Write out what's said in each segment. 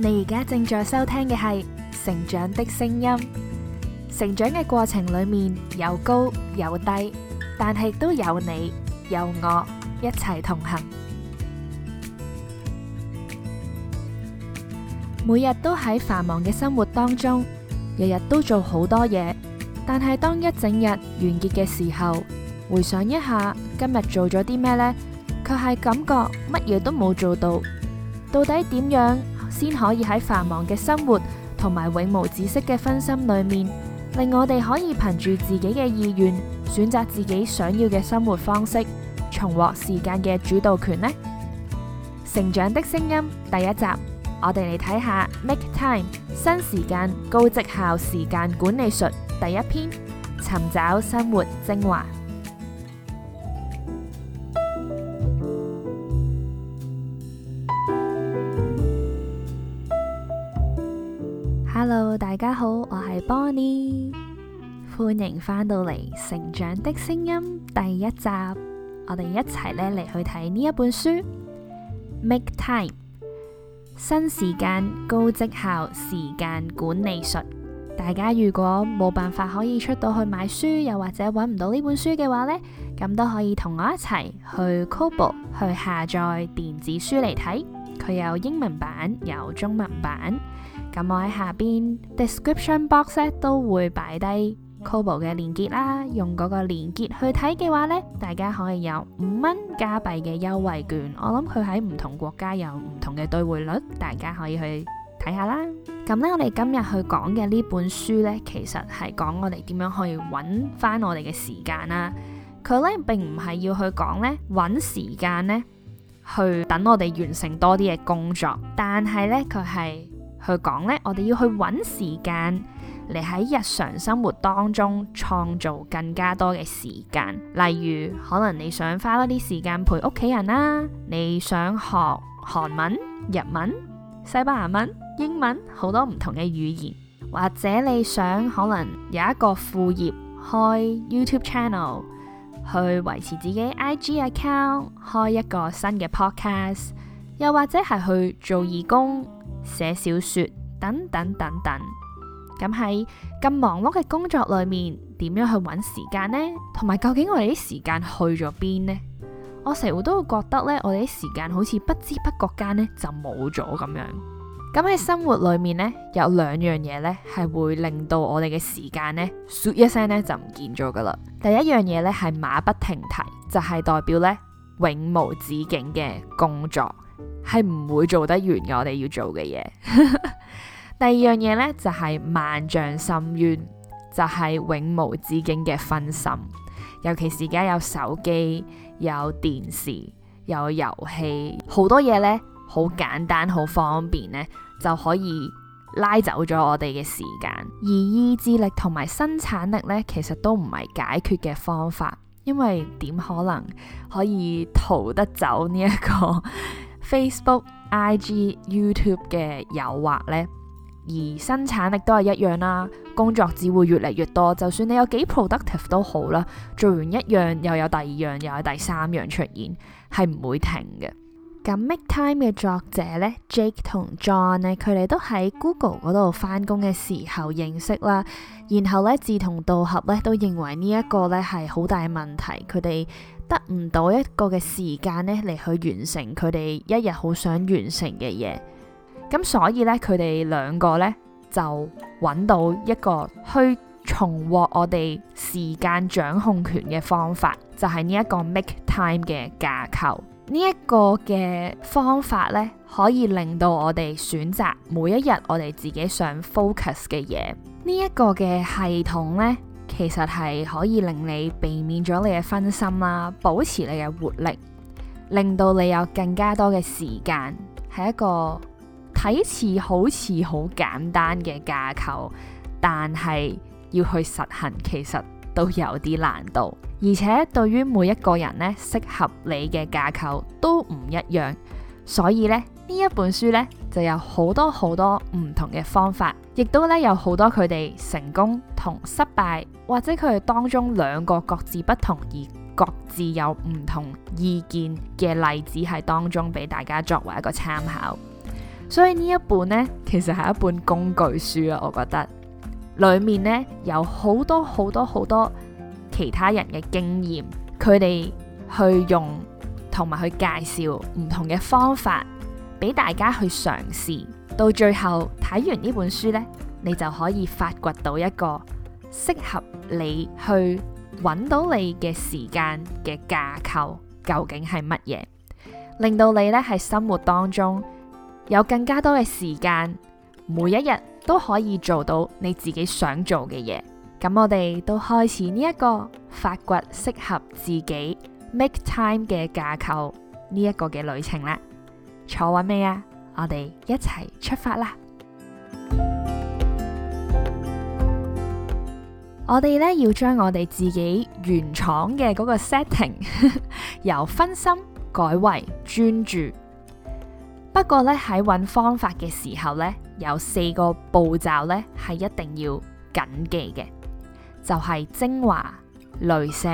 你而家正在收聽嘅係《成長的聲音》。成長嘅過程裏面有高有低，但係都有你有我一齊同行。每日都喺繁忙嘅生活當中，日日都做好多嘢，但係當一整日完結嘅時候，回想一下今日做咗啲咩呢，卻係感覺乜嘢都冇做到，到底點樣先可以喺繁忙嘅生活同埋永無止息嘅分心裏面，令我哋可以憑住自己嘅意願選擇自己想要嘅生活方式，重獲時間嘅主導權呢？成長的聲音第一集，我哋嚟睇下 Make Time 新時間高績效時間管理術第一篇，尋找生活精華。Hello，大家好，我係 Bonnie，歡迎翻到嚟《成長的聲音》第一集，我哋一齊呢嚟去睇呢一本書《Make Time》，新時間高績效時間管理術。大家如果冇辦法可以出到去買書，又或者揾唔到呢本書嘅話呢，咁都可以同我一齊去 Kobo 去下載電子書嚟睇，佢有英文版，有中文版。咁我喺下邊 description box 咧都會擺低 KOBO 嘅連結啦，用嗰個連結去睇嘅話咧，大家可以有五蚊加幣嘅優惠券。我諗佢喺唔同國家有唔同嘅兌匯率，大家可以去睇下啦。咁咧，我哋今日去講嘅呢本書咧，其實係講我哋點樣可以搵翻我哋嘅時間啦。佢咧並唔係要去講咧搵時間咧去等我哋完成多啲嘅工作，但係咧佢係去講咧，我哋要去揾時間嚟喺日常生活當中創造更加多嘅時間，例如可能你想花多啲時間陪屋企人啦、啊，你想學韓文、日文、西班牙文、英文，好多唔同嘅語言，或者你想可能有一個副業，開 YouTube channel 去維持自己 IG account，開一個新嘅 podcast，又或者係去做義工。寫小說，等等等等，咁喺咁忙碌嘅工作裏面，點樣去揾時間呢？同埋，究竟我哋啲時間去咗邊呢？我成日都會覺得呢，我哋啲時間好似不知不覺間呢就冇咗咁樣。咁喺生活裏面呢，有兩樣嘢呢係會令到我哋嘅時間呢，咻一聲呢就唔見咗噶啦。第一樣嘢呢係馬不停蹄，就係代表呢，永無止境嘅工作。係唔會做得完我哋要做嘅嘢。 第二樣嘢呢，就係、是、萬丈深淵，就係、是、永無止境嘅分心。尤其是而家有手機、有電視、有遊戲，好多嘢呢，好簡單、好方便呢，就可以拉走咗我哋嘅時間。而意志力同埋生產力呢，其實都唔係解決嘅方法，因為點可能可以逃得走呢一個？ Facebook、IG、YouTube 嘅誘惑呢，而生產力都係一樣啦。工作只會越嚟越多，就算你有幾 productive 都好啦。做完一樣又有第二樣，又有第三樣出現，係唔會停嘅。咁 Make Time 嘅作者呢，Jake 同 John 呢，佢哋都喺 Google 嗰度翻工嘅時候認識啦，然後呢，志同道合呢，都認為呢一個呢係好大問題。佢哋得唔到一個嘅時間呢，嚟去完成佢哋一日好想完成嘅嘢。咁所以呢，佢哋兩個呢，就揾到一個去重獲我哋時間掌控權嘅方法，就係呢一個 Make Time 嘅架構。呢一個嘅方法呢，可以令到我哋選擇每一日我哋自己想 focus 嘅嘢。呢一個嘅系統呢。其實係可以令你避免咗你嘅分心啦，保持你嘅活力，令到你有更加多嘅時間。係一個睇似好似好簡單嘅架構，但係要去實行，其實都有啲難度。而且對於每一個人呢，適合你嘅架構都唔一樣，所以呢。呢一本書呢，就有好多好多唔同嘅方法，亦都咧有好多佢哋成功同失敗，或者佢哋當中兩個各自不同而各自有唔同意見嘅例子，喺當中俾大家作為一個參考。所以呢一本呢，其實係一本工具書啊。我覺得裏面呢，有好多好多好多其他人嘅經驗，佢哋去用同埋去介紹唔同嘅方法。俾大家去嘗試，到最後睇完呢本書呢，你就可以發掘到一個適合你去揾到你嘅時間嘅架構究竟係乜嘢，令到你呢喺生活當中有更加多嘅時間，每一日都可以做到你自己想做嘅嘢。咁我哋都開始呢一個發掘適合自己 make time 嘅架構呢一個嘅旅程啦。坐穩未啊？我哋一齊出發啦！ 我哋呢要將我哋自己原廠嘅嗰個 setting 由分心改為專注。不過呢，喺揾方法嘅時候呢，有四個步驟呢係一定要謹記嘅，就係、是、精華鐳射。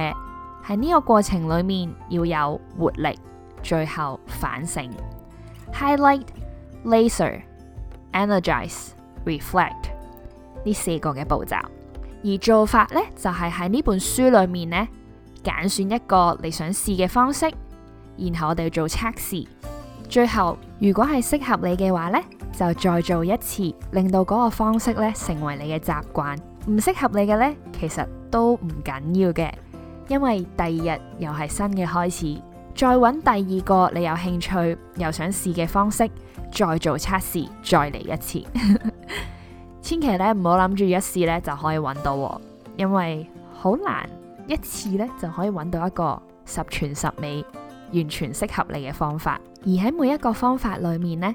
喺呢個過程裏面要有活力，最後反省。Highlight、High light, Laser、Energize、Reflect 呢四個嘅步驟，而做法呢，就係喺呢本書裏面呢，揀選一個你想試嘅方式，然後我哋做測試，最後如果係適合你嘅話呢，就再做一次，令到嗰個方式呢成為你嘅習慣。唔適合你嘅呢，其實都唔緊要嘅，因為第二日又係新嘅開始。再揾第二個你有興趣又想試嘅方式，再做測試，再嚟一次。 千祈咧唔好諗住一試咧就可以揾到，因為好難一次咧就可以揾到一個十全十美、完全適合你嘅方法。而喺每一個方法裏面呢，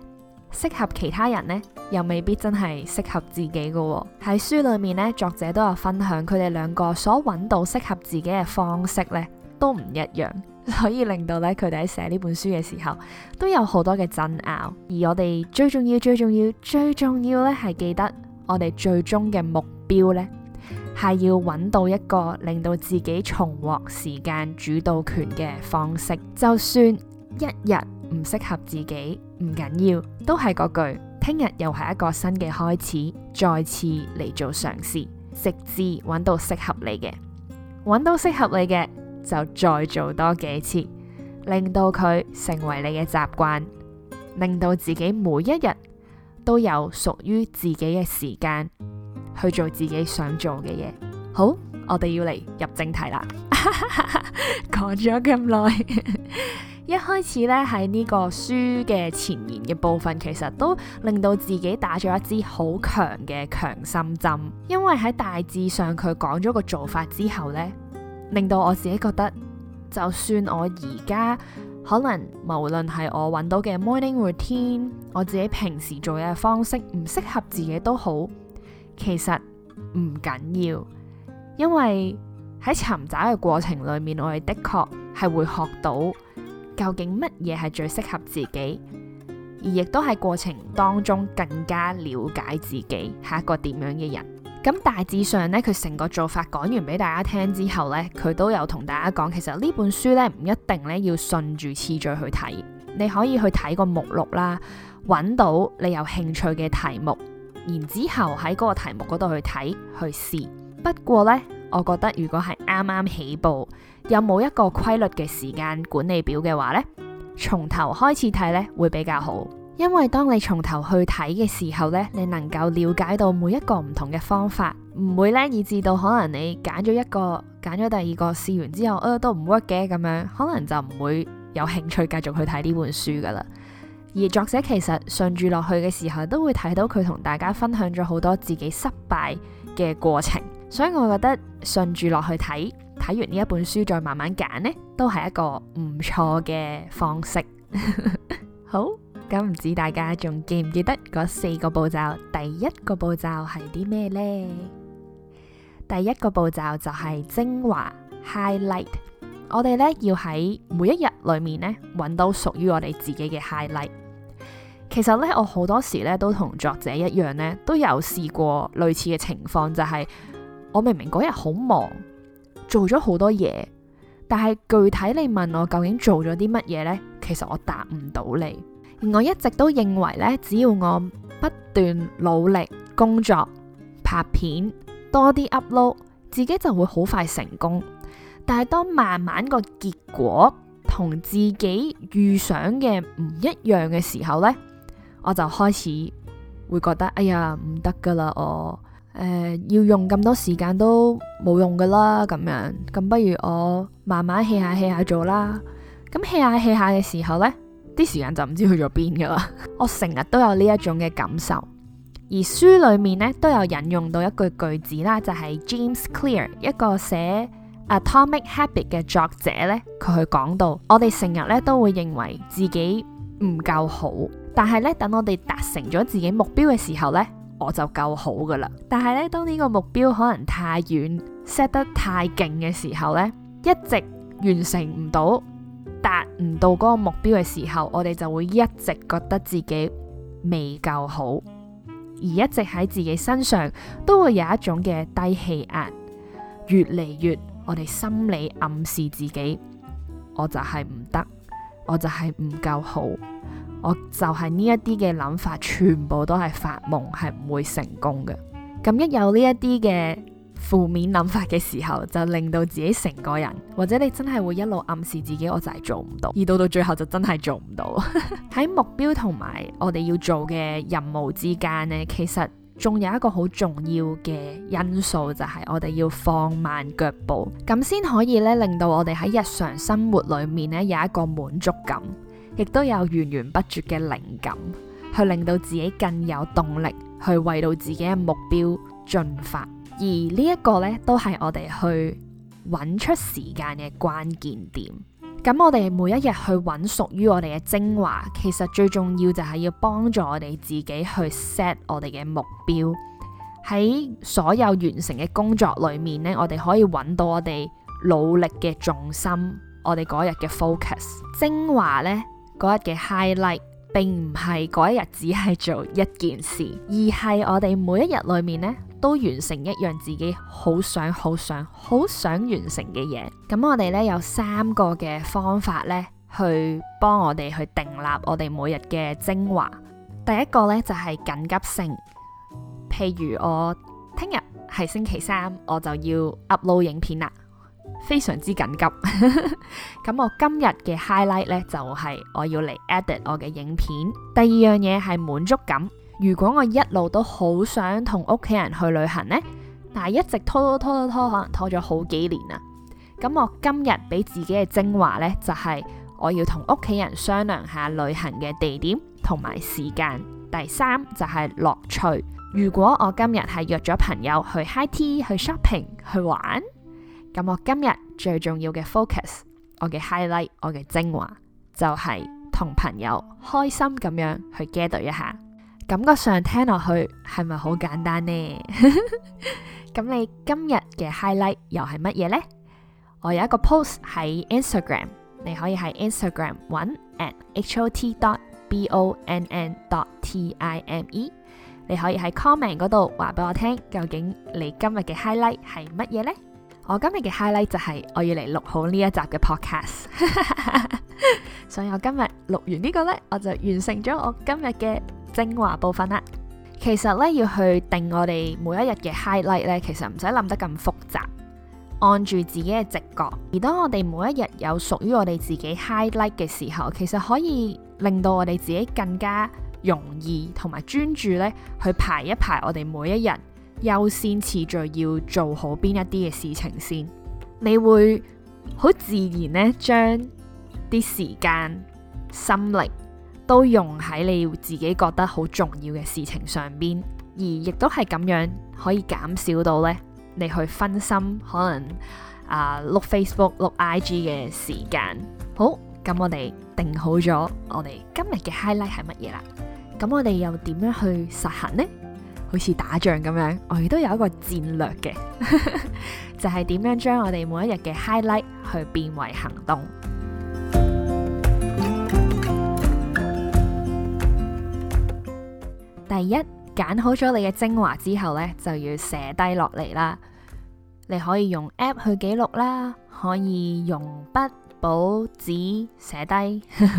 適合其他人呢又未必真係適合自己㗎喎。喺書裏面呢，作者都有分享佢哋兩個所揾到適合自己嘅方式呢都唔一樣。可以令到咧，佢哋喺寫呢本書嘅時候都有好多嘅爭拗。而我哋最重要、最重要、最重要咧，係記得我哋最終嘅目標呢，係要揾到一個令到自己重獲時間主導權嘅方式。就算一日唔適合自己，唔緊要，都係嗰句，聽日又係一個新嘅開始，再次嚟做嘗試，直至揾到適合你嘅，揾到適合你嘅。就再做多幾次，令到佢成為你嘅習慣，令到自己每一日都有屬於自己嘅時間去做自己想做嘅嘢。好，我哋要嚟入正題啦。講咗咁耐，一開始呢，喺呢個書嘅前言嘅部分，其實都令到自己打咗一支好強嘅強心針，因為喺大致上，佢講咗個做法之後呢。令到我自己覺得，就算我而家可能無論係我揾到嘅 morning routine，我自己平時做嘢嘅方式唔適合自己都好，其實唔緊要，因為喺尋找嘅過程裏面，我哋的確係會學到究竟乜嘢係最適合自己，而亦都喺過程當中更加了解自己係一個點樣嘅人。咁大致上呢，佢成個做法講完俾大家聽之後呢，佢都有同大家講，其實呢本書呢，唔一定咧要順住次序去睇，你可以去睇個目錄啦，揾到你有興趣嘅題目，然之後喺嗰個題目嗰度去睇去試。不過呢，我覺得如果係啱啱起步，有冇一個規律嘅時間管理表嘅話呢，從頭開始睇呢會比較好。因為當你從頭去睇嘅時候呢，你能夠了解到每一個唔同嘅方法，唔會呢以至到可能你揀咗一個揀咗第二個試完之後，呃、啊，都唔 work 嘅咁樣，可能就唔會有興趣繼續去睇呢本書噶啦。而作者其實順住落去嘅時候，都會睇到佢同大家分享咗好多自己失敗嘅過程，所以我覺得順住落去睇，睇完呢一本書再慢慢揀呢，都係一個唔錯嘅方式。 好。咁唔知大家仲記唔記得嗰四個步驟？第一個步驟係啲咩呢？第一個步驟就係精華 highlight。我哋咧要喺每一日裏面咧，搵到屬於我哋自己嘅 highlight。其實咧，我好多時咧都同作者一樣咧，都有試過類似嘅情況，就係我明明嗰日好忙，做咗好多嘢，但係具體你問我究竟做咗啲乜嘢呢？其實我答唔到你。我一直都認為咧，只要我不斷努力工作、拍片多啲 upload，自己就會好快成功。但係當慢慢個結果同自己預想嘅唔一樣嘅時候呢，我就開始會覺得，哎呀唔得噶啦，我誒、呃、要用咁多時間都冇用噶啦，咁樣咁不如我慢慢棄下棄下做啦。咁棄下棄下嘅時候呢。啲時間就唔知去咗邊噶啦。我成日都有呢一種嘅感受，而書裏面呢都有引用到一句句子啦，就係 James Clear 一個寫 Atomic Habit 嘅作者呢。佢去講到，我哋成日呢都會認為自己唔夠好，但係呢，等我哋達成咗自己目標嘅時候呢，我就夠好噶啦，但係呢，當呢個目標可能太遠 set 得太勁嘅時候呢，一直完成唔到。達唔到嗰個目標嘅時候，我哋就會一直覺得自己未夠好，而一直喺自己身上都會有一種嘅低氣壓，越嚟越我哋心理暗示自己，我就係唔得，我就係唔夠好，我就係呢一啲嘅諗法，全部都係發夢，係唔會成功嘅。咁一有呢一啲嘅負面諗法嘅時候，就令到自己成個人，或者你真係會一路暗示自己，我就係做唔到，而到到最後就真係做唔到。喺 目標同埋我哋要做嘅任務之間呢，其實仲有一個好重要嘅因素，就係我哋要放慢腳步，咁先可以呢，令到我哋喺日常生活裏面呢，有一個滿足感，亦都有源源不絕嘅靈感，去令到自己更有動力去為到自己嘅目標進發。而呢一個呢，都係我哋去揾出時間嘅關鍵點。咁我哋每一日去揾屬於我哋嘅精華，其實最重要就係要幫助我哋自己去 set 我哋嘅目標。喺所有完成嘅工作裏面呢，我哋可以揾到我哋努力嘅重心，我哋嗰日嘅 focus 精華呢、嗰日嘅 highlight，並唔係嗰一日只係做一件事，而係我哋每一日裏面呢。都完成一樣自己好想、好想、好想完成嘅嘢。咁我哋呢有三個嘅方法呢去幫我哋去訂立我哋每日嘅精華。第一個呢就係、是、緊急性，譬如我聽日係星期三，我就要 upload 影片啦，非常之緊急。咁 我今日嘅 highlight 呢，就係、是、我要嚟 edit 我嘅影片。第二樣嘢係滿足感。如果我一路都好想同屋企人去旅行呢，但係一直拖拖拖拖拖，可能拖咗好幾年啦。咁我今日俾自己嘅精華呢，就係我要同屋企人商量下旅行嘅地點同埋時間。第三就係樂趣。如果我今日係約咗朋友去 high tea、去 shopping、去玩，咁我今日最重要嘅 focus、我嘅 highlight、我嘅精華就係同朋友開心咁樣去 get 到一下。感覺上聽落去係咪好簡單呢？咁你今日嘅 highlight 又係乜嘢呢？我有一個 post 喺 Instagram，你可以喺 Instagram 搵 at hot dot b o n n dot t i m e。你可以喺 comment 嗰度話俾我聽，究竟你今日嘅 highlight 係乜嘢呢？我今日嘅 highlight 就係我要嚟錄好呢一集嘅 podcast，所以我今日錄完呢個呢，我就完成咗我今日嘅。精華部分啦，啊，其實咧要去定我哋每一日嘅 highlight 咧，其實唔使諗得咁複雜，按住自己嘅直覺。而當我哋每一日有屬於我哋自己 highlight 嘅時候，其實可以令到我哋自己更加容易同埋專注咧去排一排我哋每一日優先次序要做好邊一啲嘅事情先，你會好自然呢，將啲時間心力。都用喺你自己覺得好重要嘅事情上邊，而亦都係咁樣可以減少到咧你去分心，可能啊碌 Facebook、碌、呃、IG 嘅時間。好，咁我哋定好咗我哋今日嘅 highlight 係乜嘢啦？咁我哋又點樣去實行呢？好似打仗咁樣，我哋都有一個戰略嘅， 就係點樣將我哋每一日嘅 highlight 去變為行動。第一，揀好咗你嘅精華之後呢，就要寫低落嚟啦。你可以用 app 去記錄啦，可以用筆、簿、紙寫低。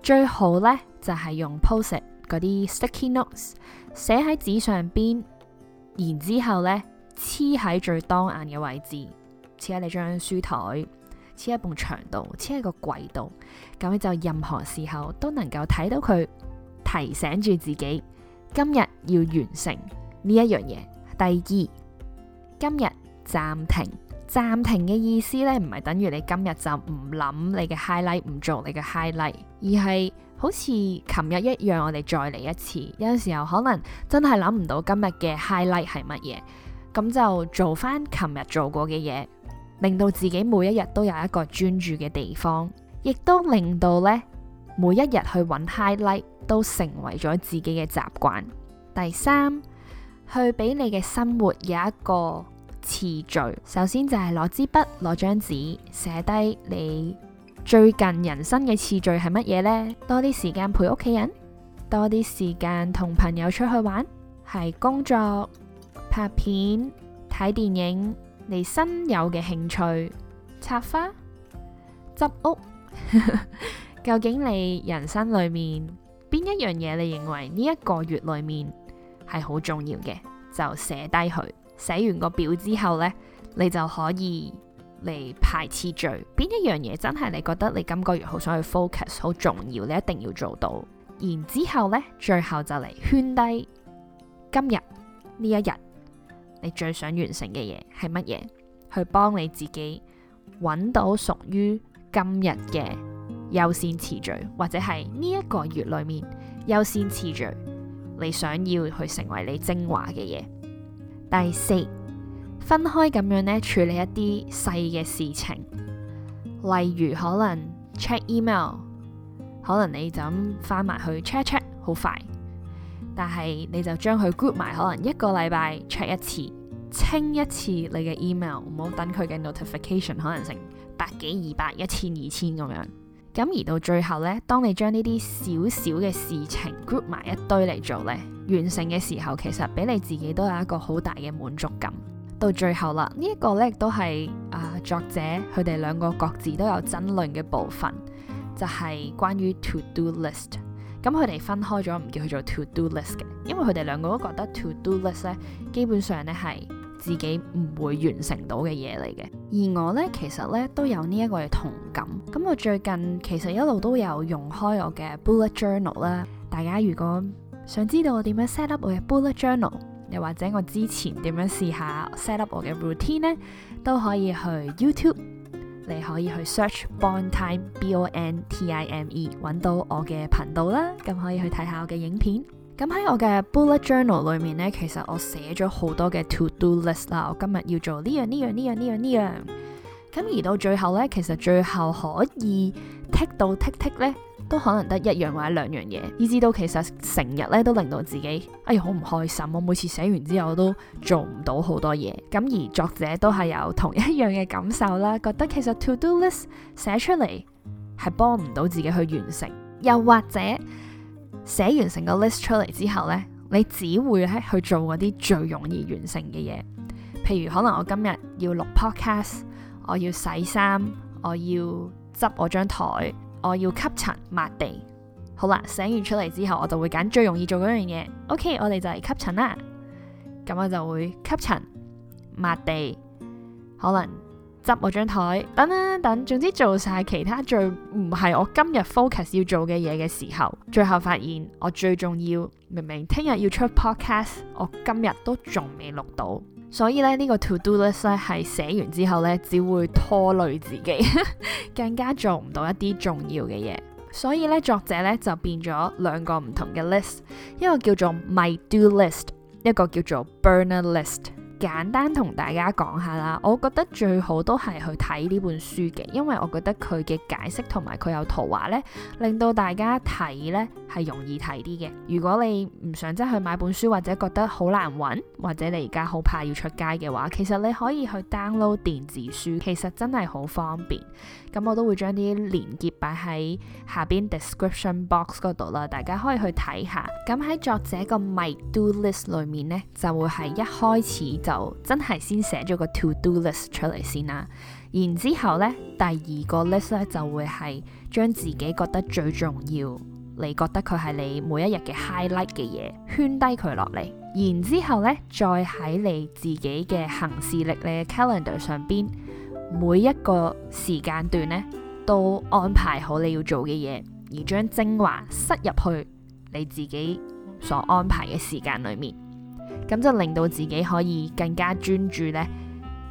最好呢，就係、是、用 post 嗰啲 sticky notes 寫喺紙上邊，然之後呢黐喺最當眼嘅位置，黐喺你張書台，黐喺埲牆度，黐喺個櫃度，咁你就任何時候都能夠睇到佢，提醒住自己。今日要完成呢一樣嘢。第二，今日暫停。暫停嘅意思呢，唔係等於你今日就唔諗你嘅 highlight，唔做你嘅 highlight，而係好似琴日一樣，我哋再嚟一次。有陣時候可能真係諗唔到今日嘅 highlight 係乜嘢，咁就做翻琴日做過嘅嘢，令到自己每一日都有一個專注嘅地方，亦都令到呢。.每一日去揾 highlight 都成為咗自己嘅習慣。第三，去俾你嘅生活有一個次序。首先就係攞支筆，攞張紙寫低你最近人生嘅次序係乜嘢呢？多啲時間陪屋企人，多啲時間同朋友出去玩，係工作、拍片、睇電影，你新有嘅興趣插花、執屋。究竟你人生裏面邊一樣嘢，你認為呢一個月裏面係好重要嘅，就寫低佢。寫完個表之後呢，你就可以嚟排次序。邊一樣嘢真係你覺得你今個月好想去 focus，好重要，你一定要做到。然之後呢，最後就嚟圈低今日呢一日你最想完成嘅嘢係乜嘢？去幫你自己揾到屬於今日嘅。優先次序，或者係呢一個月裏面優先次序，你想要去成為你精華嘅嘢。第四，分開咁樣呢處理一啲細嘅事情，例如可能 check email，可能你就咁翻埋去 check check，好快。但係你就將佢 group 埋，可能一個禮拜 check 一次，清一次你嘅 email，唔好等佢嘅 notification 可能成百幾、二百、一千、二千咁樣。咁而到最後呢，當你將呢啲小小嘅事情 group 埋一堆嚟做呢，完成嘅時候，其實俾你自己都有一個好大嘅滿足感。到最後啦，呢、這、一個呢都係啊、呃、作者佢哋兩個各自都有爭論嘅部分，就係、是、關於 to do list。咁佢哋分開咗，唔叫佢做 to do list 嘅，因為佢哋兩個都覺得 to do list 呢基本上呢係，自己唔會完成到嘅嘢嚟嘅，而我呢，其實呢都有呢一個嘅同感。咁我最近其實一路都有用開我嘅 bullet journal 啦。大家如果想知道我點樣 set up 我嘅 bullet journal，又或者我之前點樣試下 set up 我嘅 routine 呢，都可以去 YouTube，你可以去 search Bon Time B O N T I M E，揾到我嘅頻道啦，咁可以去睇下我嘅影片。咁喺我嘅 bullet journal 裏面呢，其實我寫咗好多嘅 to do list 啦，我今日要做呢樣呢樣呢樣呢樣呢樣。咁而到最後呢，其實最後可以剔到剔剔呢，都可能得一樣或者兩樣嘢，以至到其實成日呢都令到自己哎呀好唔開心。我每次寫完之後，都做唔到好多嘢。咁而作者都係有同一樣嘅感受啦，覺得其實 to do list 寫出嚟係幫唔到自己去完成，又或者。寫完成個 list 出嚟之後呢，你只會咧去做嗰啲最容易完成嘅嘢。譬如可能我今日要錄 podcast，我要洗衫，我要執我張台，我要吸塵抹地。好啦，寫完出嚟之後，我就會揀最容易做嗰樣嘢。OK，我哋就係吸塵啦。咁我就會吸塵抹地，可能。執我張台，等等等，總之做晒其他最唔係我今日 focus 要做嘅嘢嘅時候，最後發現我最重要，明明聽日要出 podcast，我今日都仲未錄到，所以咧呢個 to do list 咧係寫完之後咧只會拖累自己，更加做唔到一啲重要嘅嘢，所以咧作者咧就變咗兩個唔同嘅 list，一個叫做 my do list，一個叫做 burner list。簡單同大家講下啦，我覺得最好都係去睇呢本書嘅，因為我覺得佢嘅解釋同埋佢有圖畫呢，令到大家睇呢係容易睇啲嘅。如果你唔想真去買本書，或者覺得好難揾，或者你而家好怕要出街嘅話，其實你可以去 download 電子書，其實真係好方便。咁我都會將啲連結擺喺下邊 description box 嗰度啦，大家可以去睇下。咁喺作者個 might do list 裏面呢，就會係一開始就真係先寫咗個 to do list 出嚟先啦。然之後呢，第二個 list 咧就會係將自己覺得最重要，你覺得佢係你每一日嘅 highlight 嘅嘢圈低佢落嚟。然之後呢，再喺你自己嘅行事曆你嘅 calendar 上邊。每一個時間段呢，都安排好你要做嘅嘢，而將精華塞入去你自己所安排嘅時間裏面，咁就令到自己可以更加專注呢。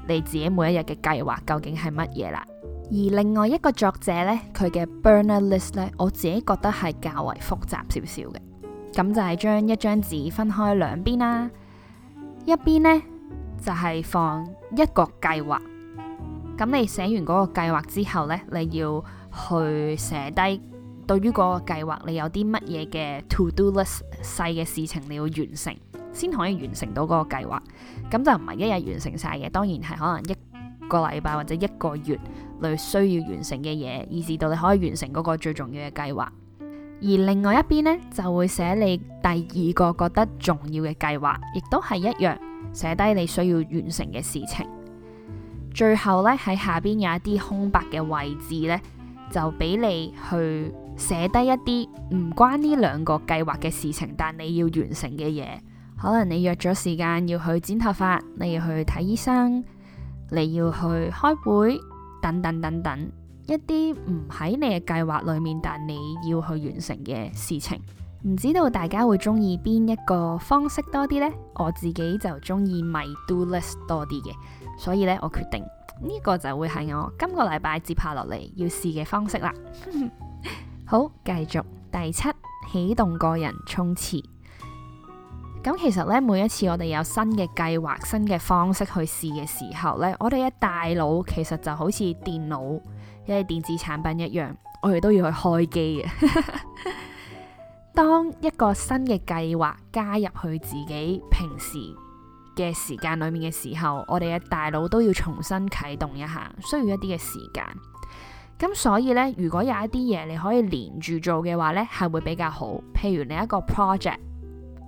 你自己每一日嘅計劃究竟係乜嘢啦？而另外一個作者呢，佢嘅 Burner List 呢，我自己覺得係較為複雜少少嘅，咁就係將一張紙分開兩邊啦，啊，一邊呢就係、是、放一個計劃。咁你寫完嗰個計劃之後呢，你要去寫低對於嗰個計劃，你有啲乜嘢嘅 to do list 細嘅事情你要完成，先可以完成到嗰個計劃。咁就唔係一日完成晒嘅，當然係可能一個禮拜或者一個月你需要完成嘅嘢，以至到你可以完成嗰個最重要嘅計劃。而另外一邊呢，就會寫你第二個覺得重要嘅計劃，亦都係一樣寫低你需要完成嘅事情。最後呢，喺下邊有一啲空白嘅位置呢，就俾你去寫低一啲唔關呢兩個計劃嘅事情，但你要完成嘅嘢，可能你約咗時間要去剪頭髮，你要去睇醫生，你要去開會等等等等，等等一啲唔喺你嘅計劃裏面但你要去完成嘅事情，唔知道大家會中意邊一個方式多啲呢？我自己就中意咪 do list 多啲嘅。所以咧，我決定呢，這個就會係我今個禮拜接下落嚟要試嘅方式啦。 好，繼續第七，啟動個人衝刺。咁其實咧，每一次我哋有新嘅計劃、新嘅方式去試嘅時候咧，我哋嘅大腦其實就好似電腦一啲電子產品一樣，我哋都要去開機嘅。 當一個新嘅計劃加入去自己平時。嘅時間裏面嘅時候，我哋嘅大腦都要重新啟動一下，需要一啲嘅時間。咁所以呢，如果有一啲嘢你可以連住做嘅話呢，係會比較好。譬如你一個 project，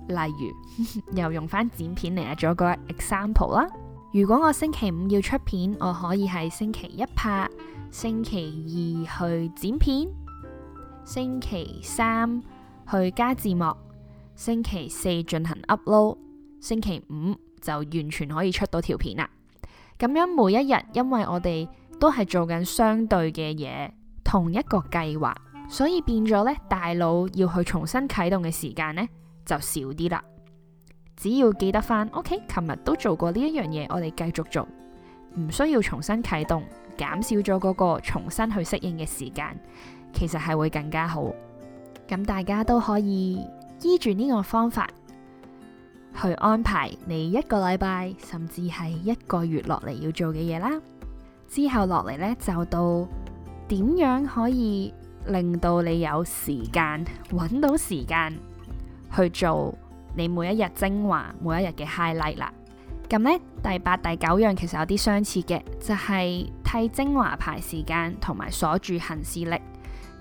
例如 又用翻剪片嚟呀做一個 example 啦。如果我星期五要出片，我可以喺星期一拍，星期二去剪片，星期三去加字幕，星期四進行 upload，星期五，就完全可以出到條片啦。咁樣每一日，因為我哋都係做緊相對嘅嘢，同一個計劃，所以變咗呢，大腦要去重新啟動嘅時間呢，就少啲啦。只要記得翻，OK，琴日都做過呢一樣嘢，我哋繼續做，唔需要重新啟動，減少咗嗰個重新去適應嘅時間，其實係會更加好。咁大家都可以依住呢個方法。去安排你一個禮拜，甚至係一個月落嚟要做嘅嘢啦。之後落嚟呢，就到點樣可以令到你有時間，搵到時間去做你每一日精華，每一日嘅 highlight 啦。咁呢，第八、第九樣其實有啲相似嘅，就係、是、替精華排時間，同埋鎖住行事力。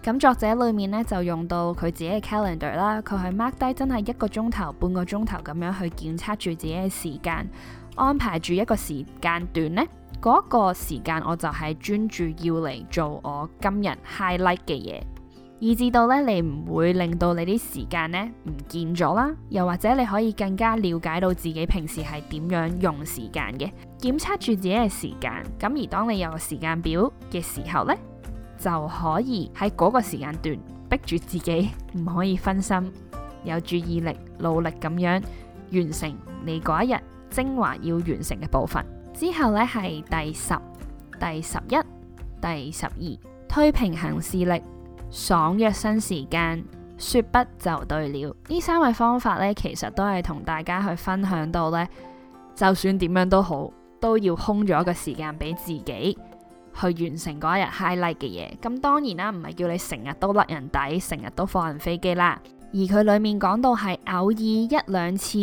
咁作者裏面呢，就用到佢自己嘅 calendar 啦，佢係 mark 低真係一個鐘頭、半個鐘頭咁樣去檢測住自己嘅時間，安排住一個時間段呢嗰、那個時間我就係專注要嚟做我今日 highlight 嘅嘢，以至到呢，你唔會令到你啲時間呢唔見咗啦，又或者你可以更加了解到自己平時係點樣用時間嘅，檢測住自己嘅時間，咁而當你有個時間表嘅時候呢。就可以喺嗰個時間段逼住自己唔可以分心，有注意力、努力咁樣完成你嗰一日精華要完成嘅部分。之後咧係第十、第十一、第十二，推平行事曆、爽約新時間、說不就對了。呢三位方法咧，其實都係同大家去分享到咧，就算點樣都好，都要空咗一個時間俾自己。去完成嗰一日 highlight 嘅嘢，咁當然啦，唔係叫你成日都甩人底，成日都放人飛機啦。而佢裡面講到係偶爾一兩次，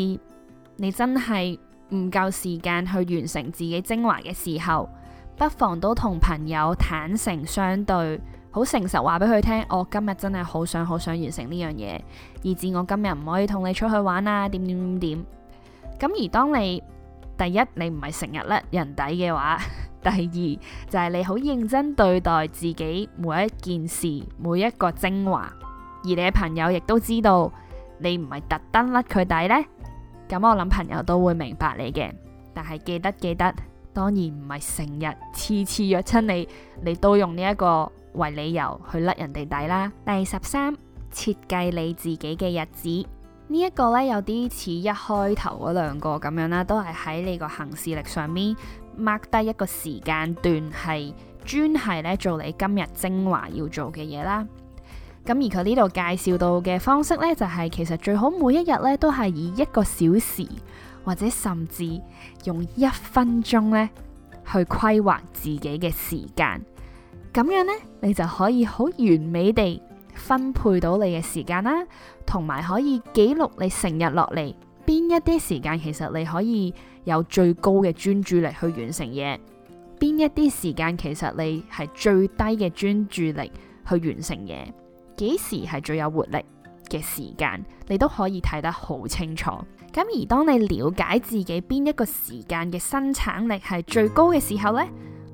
你真係唔夠時間去完成自己精華嘅時候，不妨都同朋友坦誠相對，好誠實話俾佢聽，我今日真係好想好想完成呢樣嘢，以至我今日唔可以同你出去玩啊，點點點點。咁而當你第一你唔係成日甩人底嘅話， 第二就係、是、你好認真對待自己每一件事、每一個精華，而你嘅朋友亦都知道你唔係特登甩佢底呢。咁我諗朋友都會明白你嘅，但係記得記得，當然唔係成日次次約親你，你都用呢一個為理由去甩人哋底啦。第十三設計你自己嘅日子，呢、這、一個呢，有啲似一開頭嗰兩個咁樣啦，都係喺你個行事曆上面。mark 低一個時間段係專係咧做你今日精華要做嘅嘢啦。咁而佢呢度介紹到嘅方式呢，就是，就係其實最好每一日呢都係以一個小時或者甚至用一分鐘呢去規劃自己嘅時間。咁樣呢，你就可以好完美地分配到你嘅時間啦，同埋可以記錄你成日落嚟邊一啲時間，其實你可以。有最高嘅專注力去完成嘢，邊一啲時間其實你係最低嘅專注力去完成嘢，幾時係最有活力嘅時間，你都可以睇得好清楚。咁而當你了解自己邊一個時間嘅生產力係最高嘅時候呢，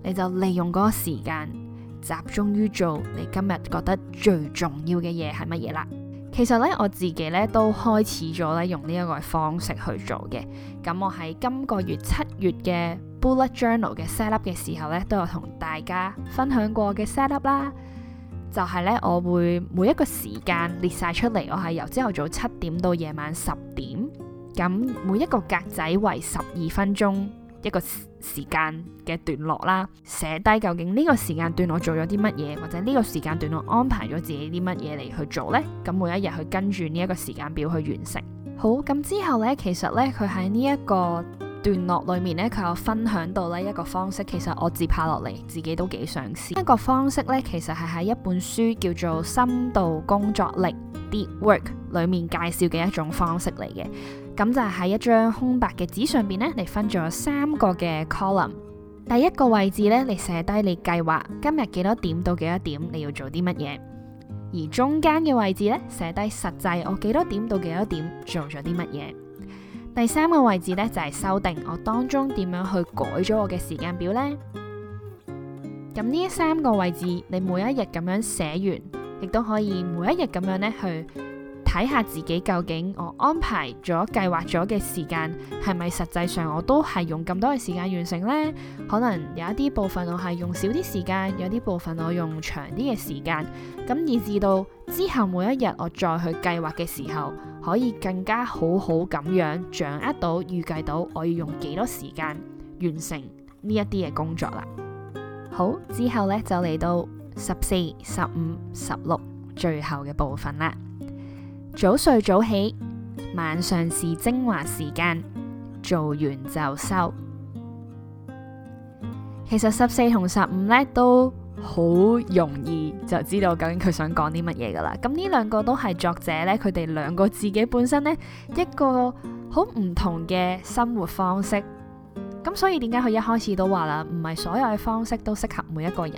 你就利用嗰個時間，集中於做你今日覺得最重要嘅嘢係乜嘢啦。其實咧，我自己咧都開始咗咧用呢一個方式去做嘅。咁我喺今個月七月嘅 Bullet Journal 嘅 set up 嘅時候咧，都有同大家分享過嘅 set up 啦。就係咧，我會每一個時間列晒出嚟。我係由朝頭早七點到夜晚十點，咁每一個格仔為十二分鐘。一個時間嘅段落啦，寫低究竟呢個時間段我做咗啲乜嘢，或者呢個時間段我安排咗自己啲乜嘢嚟去做呢？咁每一日去跟住呢一個時間表去完成。好，咁之後呢，其實呢，佢喺呢一個段落裏面呢，佢有分享到呢一個方式，其實我自拍落嚟自己都幾想試。呢個方式呢，其實係喺一本書叫做《深度工作力 Deep Work》裏面介紹嘅一種方式嚟嘅。咁就喺一張空白嘅紙上邊呢，你分咗三個嘅 column。第一個位置呢，你寫低你計劃今日幾多點到幾多點你要做啲乜嘢；而中間嘅位置呢，寫低實際我幾多點到幾多點做咗啲乜嘢。第三個位置呢，就係修訂我當中點樣去改咗我嘅時間表呢。咁呢三個位置，你每一日咁樣寫完，亦都可以每一日咁樣呢去。睇下自己究竟我安排咗、計劃咗嘅時間係咪實際上我都係用咁多嘅時間完成呢？可能有一啲部分我係用少啲時間，有啲部分我用長啲嘅時間咁，以至到之後每一日我再去計劃嘅時候，可以更加好好咁樣掌握到預計到我要用幾多時間完成呢一啲嘅工作啦。好，之後呢，就嚟到十四、十五、十六最後嘅部分啦。早睡早起，晚上是精華時間，做完就收。其實十四同十五咧都好容易，就知道究竟佢想講啲乜嘢㗎喇。咁呢兩個都係作者咧，佢哋兩個自己本身咧一個好唔同嘅生活方式。咁所以點解佢一開始都話啦，唔係所有嘅方式都適合每一個人。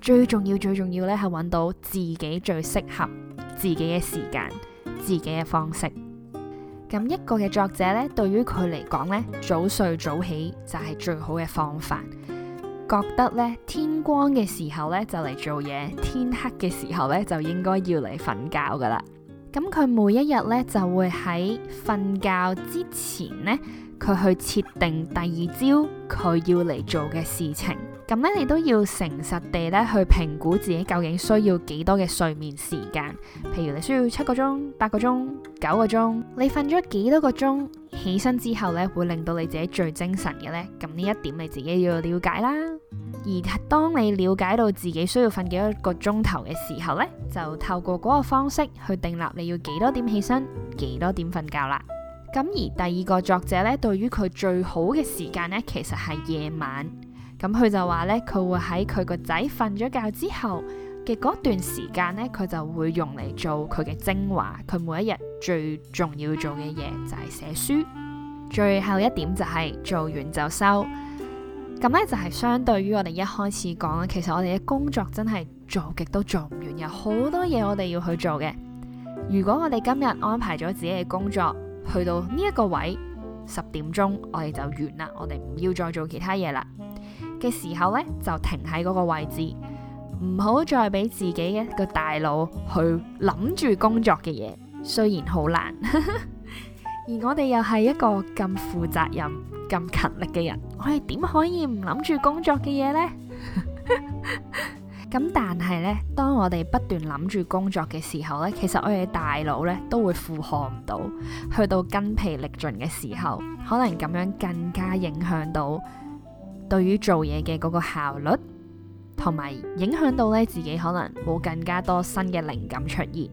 最重要最重要咧係搵到自己最適合自己嘅時間。自己嘅方式，咁一個嘅作者咧，對於佢嚟講咧，早睡早起就係最好嘅方法。覺得咧天光嘅時候咧就嚟做嘢，天黑嘅時候咧就應該要嚟瞓覺㗎喇。咁佢每一日咧就會喺瞓覺之前咧，佢去設定第二朝佢要嚟做嘅事情。咁咧，你都要誠實地咧去評估自己究竟需要幾多嘅睡眠時間。譬如你需要七個鐘、八個鐘、九個鐘，你瞓咗幾多個鐘，起身之後咧會令到你自己最精神嘅呢？咁呢一點你自己要了解啦。而當你了解到自己需要瞓幾多個鐘頭嘅時候呢，就透過嗰個方式去定立你要幾多點起身、幾多點瞓覺啦。咁而第二個作者咧，對於佢最好嘅時間呢，其實係夜晚。咁佢就話呢，佢會喺佢個仔瞓咗覺之後嘅嗰段時間呢，佢就會用嚟做佢嘅精華。佢每一日最重要做嘅嘢就係寫書。最後一點就係做完就收。咁呢，就係相對於我哋一開始講啦，其實我哋嘅工作真係做極都做唔完，有好多嘢我哋要去做嘅。如果我哋今日安排咗自己嘅工作去到呢一個位十點鐘，我哋就完啦，我哋唔要再做其他嘢啦。嘅時候呢，就停喺嗰個位置，唔好再俾自己一個大腦去諗住工作嘅嘢。雖然好難，而我哋又係一個咁負責任、咁勤力嘅人，我哋點可以唔諗住工作嘅嘢呢？咁但係呢，當我哋不斷諗住工作嘅時候呢，其實我哋大腦呢都會負荷唔到，去到筋疲力盡嘅時候，可能咁樣更加影響到。對於做嘢嘅嗰個效率，同埋影響到呢自己可能冇更加多新嘅靈感出現。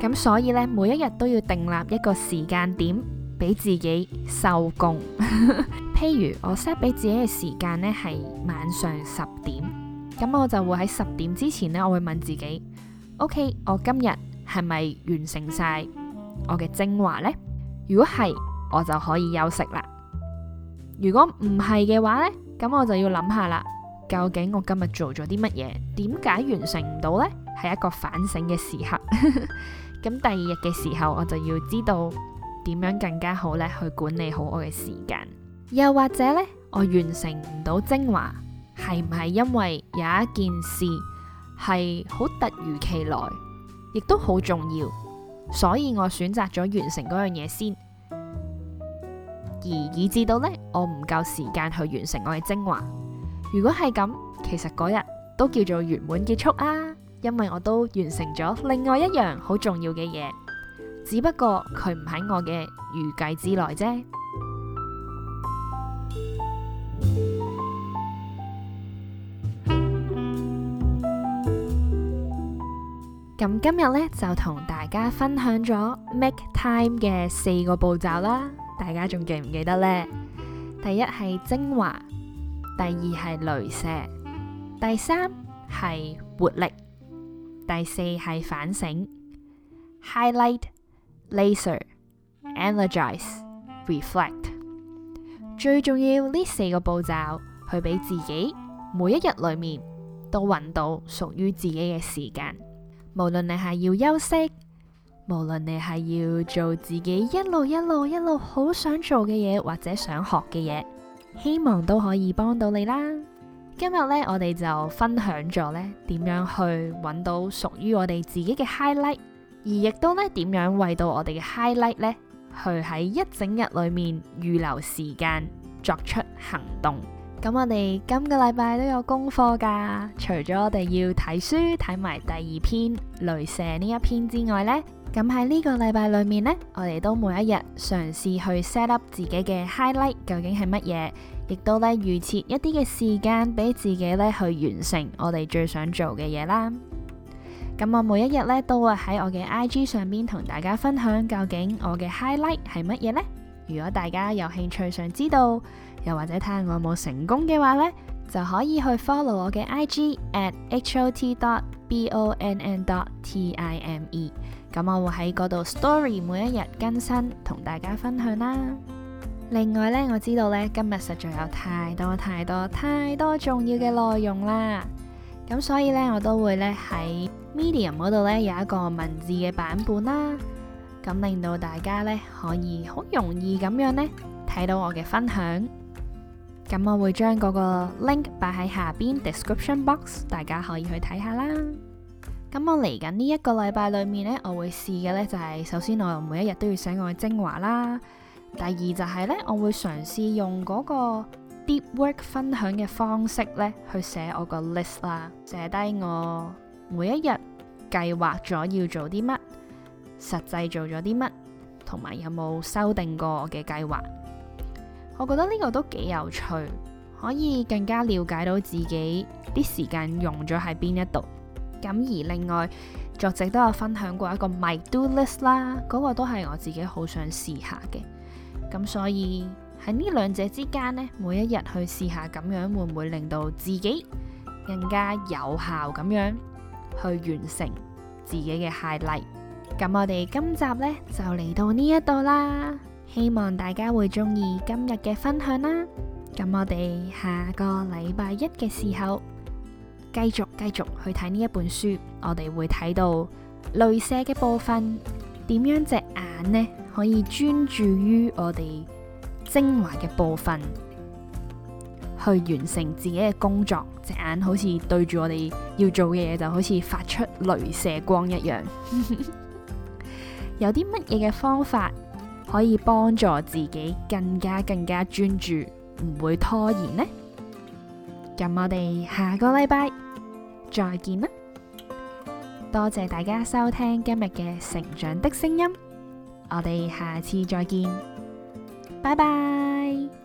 咁所以呢，每一日都要訂立一個時間點俾自己收工。譬如我 set 俾自己嘅時間呢係晚上十點，咁我就會喺十點之前呢，我會問自己：OK，我今日係咪完成晒我嘅精華呢？如果係，我就可以休息啦。如果唔係嘅話呢，咁我就要諗下啦，究竟我今日做咗啲乜嘢？點解完成唔到呢？係一個反省嘅時刻。咁 第二日嘅時候，我就要知道點樣更加好呢去管理好我嘅時間。又或者呢，我完成唔到精華，係唔係因為有一件事係好突如其來，亦都好重要，所以我選擇咗完成嗰樣嘢先。而以至到呢，我唔夠時間去完成我嘅精華。如果係咁，其實嗰日都叫做圓滿結束啊，因為我都完成咗另外一樣好重要嘅嘢，只不過佢唔喺我嘅預計之內啫。咁今日呢，就同大家分享咗 Make Time 嘅四個步驟啦。大家仲記唔記得咧？第一係精華，第二係雷射，第三係活力，第四係反省。Highlight, laser, energize, reflect。最重要呢四個步驟，去俾自己每一日裏面都揾到屬於自己嘅時間。無論你係要休息。無論你係要做自己一路一路一路好想做嘅嘢，或者想學嘅嘢，希望都可以幫到你啦。今日呢，我哋就分享咗呢點樣去揾到屬於我哋自己嘅 highlight，而亦都呢點樣為到我哋嘅 highlight 呢，去喺一整日裏面預留時間作出行動。咁，嗯，我哋今個禮拜都有功課噶，除咗我哋要睇書睇埋第二篇《雷射》呢一篇之外呢，咁喺呢個禮拜裏面呢，我哋都每一日嘗試去 set up 自己嘅 highlight，究竟係乜嘢？亦都咧預設一啲嘅時間俾自己咧去完成我哋最想做嘅嘢啦。咁我每一日咧都會喺我嘅 I G 上邊同大家分享究竟我嘅 highlight 係乜嘢呢。如果大家有興趣想知道，又或者睇下我有冇成功嘅話呢，就可以去 follow 我嘅 I G at h o t dot b o n n dot t i m e。咁我會喺嗰度 story 每一日更新，同大家分享啦。另外呢，我知道呢今日實在有太多太多太多重要嘅內容啦。咁所以呢，我都會呢喺 medium 嗰度呢有一個文字嘅版本啦。咁令到大家呢可以好容易咁樣呢睇到我嘅分享。咁我會將嗰個 link 擺喺下邊 description box，大家可以去睇下啦。咁我嚟緊呢一個禮拜裏面呢，我會試嘅呢就係，首先我每一日都要寫我嘅精華啦。第二就係呢，我會嘗試用嗰個 Deep Work 分享嘅方式呢，去寫我個 list 啦，寫低我每一日計劃咗要做啲乜，實際做咗啲乜，同埋有冇修訂過我嘅計劃。我覺得呢個都幾有趣，可以更加了解到自己啲時間用咗喺邊一度。咁而另外，作者都有分享過一個 My Do List 啦，嗰個都係我自己好想試下嘅。咁所以喺呢兩者之間呢，每一日去試下，咁樣會唔會令到自己更加有效咁樣去完成自己嘅 highlight？咁我哋今集呢就嚟到呢一度啦，希望大家會中意今日嘅分享啦。咁我哋下個禮拜一嘅時候，繼續繼續去睇呢一本書，我哋會睇到鐳射嘅部分，點樣隻眼呢可以專注於我哋精華嘅部分，去完成自己嘅工作。隻眼好似對住我哋要做嘅嘢，就好似發出鐳射光一樣。 有啲乜嘢嘅方法可以幫助自己更加更加專注，唔會拖延呢？咁我哋下個禮拜。再見啦！多謝大家收聽今日嘅成長的聲音，我哋下次再見，拜拜。